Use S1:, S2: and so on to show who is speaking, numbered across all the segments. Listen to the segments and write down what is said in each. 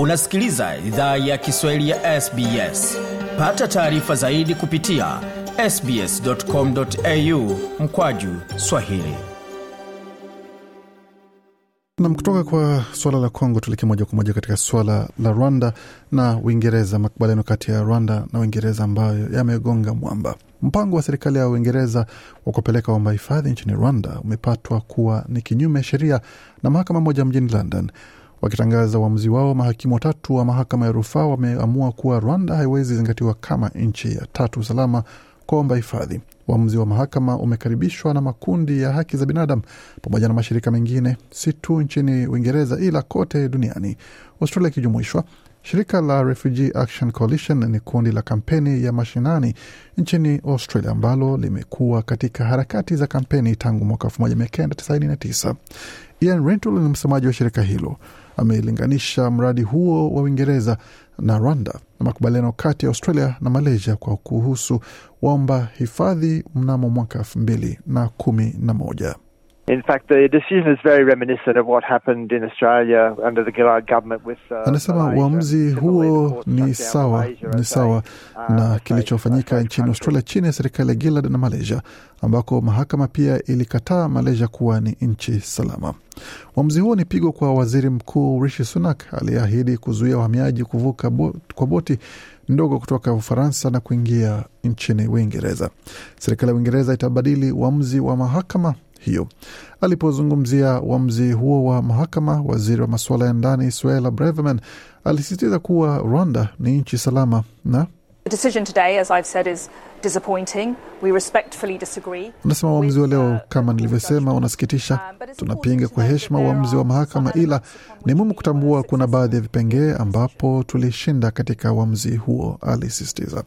S1: unasikiliza idhaa ya kiswahili ya sbs pata taarifa zaidi kupitia sbscomau mkwaju swahili nam kutoka kwa suala la Kongo tuelekee moja kwa moja katika suala la Rwanda na Uingereza, makubaliano kati ya Rwanda na Uingereza ambayo yamegonga mwamba. Mpango wa serikali ya Uingereza wa kupeleka wamba hifadhi nchini Rwanda umepatwa kuwa ni kinyume sheria na mahakama moja mjini London. Wakitangaza uamuzi wao, mahakimu watatu wa mahakama ya rufaa wameamua kuwa Rwanda haiwezi zingatiwa kama nchi ya tatu salama kuomba hifadhi. Uamuzi wa mahakama umekaribishwa na makundi ya haki za binadamu pamoja na mashirika mengine, si tu nchini Uingereza ila kote duniani, Australia ikijumuishwa. Shirika la Refugee Action Coalition ni kundi la kampeni ya mashinani nchini Australia ambalo limekuwa katika harakati za kampeni tangu mwaka 1999. Ian Rentoul ni msemaji wa shirika hilo amelinganisha mradi huo wa Uingereza na Rwanda na makubaliano kati ya Australia na Malaysia kwa kuhusu waomba hifadhi mnamo mwaka elfu mbili na kumi na moja. In fact, the decision is very reminiscent of what happened in Australia under the Gillard government with uh, anasema uamuzi huo ni sawa ni uh, sawa na kilichofanyika nchini Australia chini ya serikali ya Gillard na Malaysia, ambako mahakama pia ilikataa Malaysia kuwa ni nchi salama. Uamuzi huo ni pigo kwa waziri mkuu Rishi Sunak aliyeahidi kuzuia wahamiaji kuvuka bo, kwa boti ndogo kutoka Ufaransa na kuingia nchini Uingereza. Serikali ya Uingereza itabadili uamuzi wa mahakama hiyo. Alipozungumzia uamuzi huo wa mahakama, waziri wa masuala ya ndani Suela Braverman alisisitiza kuwa Rwanda ni nchi salama na unasema uamuzi wa leo, uh, kama nilivyosema, unasikitisha. Um, Tunapinga kwa heshima uamuzi wa mahakama, ila ni muhimu kutambua kuna baadhi ya vipengee ambapo tulishinda katika uamuzi huo, alisisitiza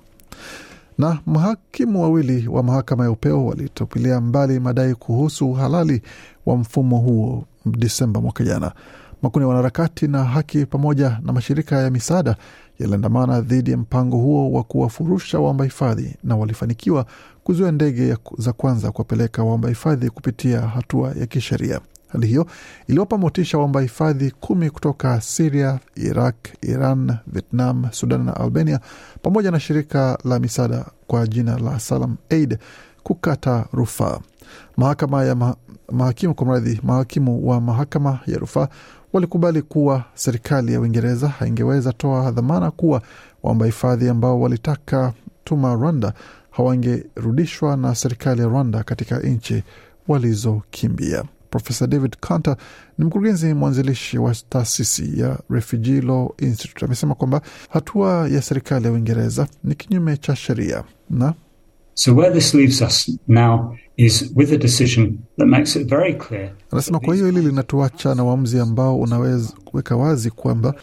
S1: na mahakimu wawili wa mahakama ya upeo walitupilia mbali madai kuhusu uhalali wa mfumo huo Desemba mwaka jana. Makundi ya wanaharakati na haki pamoja na mashirika ya misaada yaliandamana dhidi ya mpango huo wa kuwafurusha waomba hifadhi na walifanikiwa kuzuia ndege za kwanza kuwapeleka waomba hifadhi kupitia hatua ya kisheria. Hali hiyo iliwapa motisha waomba hifadhi kumi kutoka Siria, Iraq, Iran, Vietnam, Sudan na Albania pamoja na shirika la misaada kwa jina la Salam Aid kukata rufaa. Mahakama ya ma mahakimu kwa mradhi, mahakimu wa mahakama ya rufaa walikubali kuwa serikali ya Uingereza haingeweza toa dhamana kuwa waomba hifadhi ambao walitaka tuma Rwanda hawangerudishwa na serikali ya Rwanda katika nchi walizokimbia. Profesa David Conter ni mkurugenzi mwanzilishi wa taasisi ya Refugee Law Institute amesema kwamba hatua ya serikali ya Uingereza ni kinyume cha sheria na Anasema kwa hiyo hili linatuacha na uamuzi ambao unaweza kuweka wazi kwamba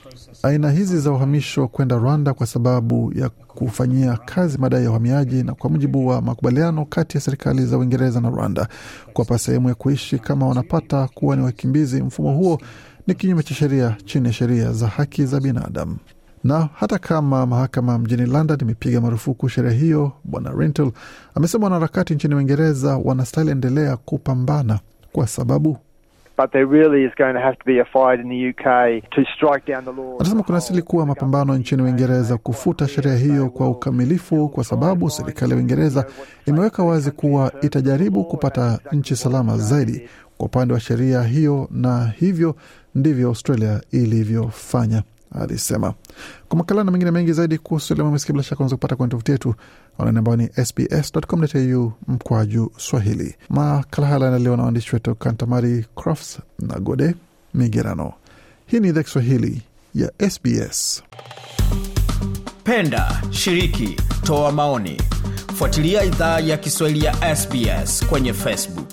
S1: aina hizi za uhamisho kwenda Rwanda kwa sababu ya kufanyia kazi madai ya uhamiaji na kwa mujibu wa makubaliano kati ya serikali za Uingereza na Rwanda kuwapa sehemu ya kuishi kama wanapata kuwa ni wakimbizi. Mfumo huo ni kinyume cha sheria chini ya sheria za haki za binadamu na hata kama mahakama mjini London imepiga marufuku sheria hiyo, Bwana Rental amesema wanaharakati nchini Uingereza wanastahili endelea kupambana kwa sababu Anasema kuna asili kuwa mapambano nchini Uingereza kufuta sheria hiyo kwa ukamilifu, kwa sababu serikali ya Uingereza imeweka wazi kuwa itajaribu kupata nchi salama zaidi kwa upande wa sheria hiyo, na hivyo ndivyo Australia ilivyofanya alisema. Kwa makala na mengine mengi zaidi kuhusu elimu masikia, bila shaka unaweza kupata kwenye tovuti yetu anwani ambayo ni sbs.com.au mkwaju Swahili. Makala haya yanaandaliwa na waandishi wetu Kantamari Crofts na Gode Migerano. Hii ni idhaa Kiswahili ya SBS. Penda, shiriki, toa maoni, fuatilia idhaa ya Kiswahili ya SBS kwenye Facebook.